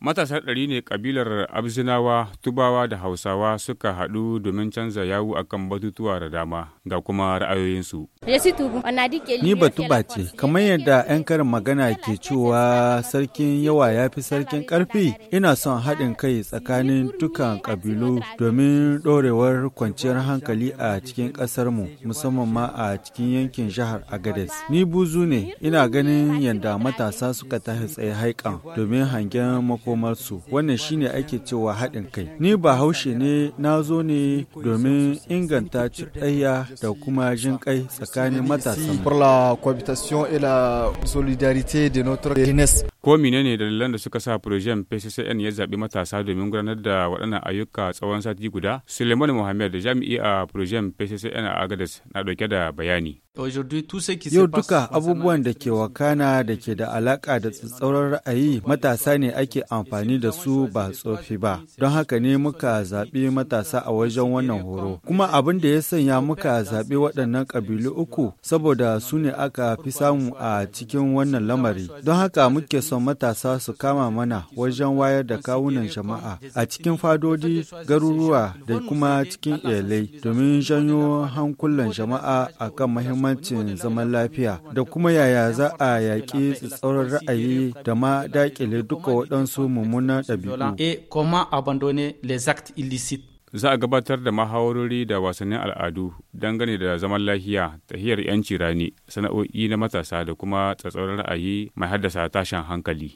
Matasa ɗari ne ƙabilar Abzinawa, Tubawa da Hausawa suka haɗu domin canza yawu akan batutuwa da dama ga kuma ra'ayoyinsu. Ni batuba ce, kamar yadda 'yan karin magana ke cewa sarkin yawa ya fi sarkin ƙarfi, ina son haɗin kai tsakanin dukkan ƙabilu domin ɗorewar kwanciyar hankali a cikin ƙasarmu, musamman ma a cikin yankin jihar Agades. Ni buzu ne, ina ganin yadda matasa suka tashi tsaye haikan domin hangen mako makomarsu wannan shine ake cewa haɗin kai ni ba haushe ne na zo ne domin inganta cuɗayya da kuma jin kai tsakanin matasa Ko menene dalilan da suka sa projen PCCN ya zaɓi matasa domin gudanar da waɗannan ayyuka tsawon sati guda? Suleiman da jami'i a projen PCCN a agadas na ɗauke da bayani. Yau duka abubuwan da ke wakana da ke da alaƙa da tsatsauran ra'ayi matasa ne ake amfani da su ba tsofi ba. Don haka ne muka zaɓi matasa a wajen wannan horo. Kuma abin da ya sanya muka zaɓi waɗannan ƙabilu uku saboda su ne aka fi samu a cikin wannan lamari. Don haka muke son matasa su kama mana wajen wayar da kawunan jama'a a cikin fadodi garuruwa da kuma cikin iyalai domin janyo hankulan jama'a akan mahimmancin zaman lafiya da kuma yaya za a yaƙi tsatsauran ra'ayi da ma daƙile duka waɗansu mummunan ɗabi'u. za a gabatar da mahawarori da wasannin al'adu dangane da zaman lafiya tahiyar 'yanci rani sana'o'i na matasa da kuma tsatsauran ra'ayi mai haddasa tashin hankali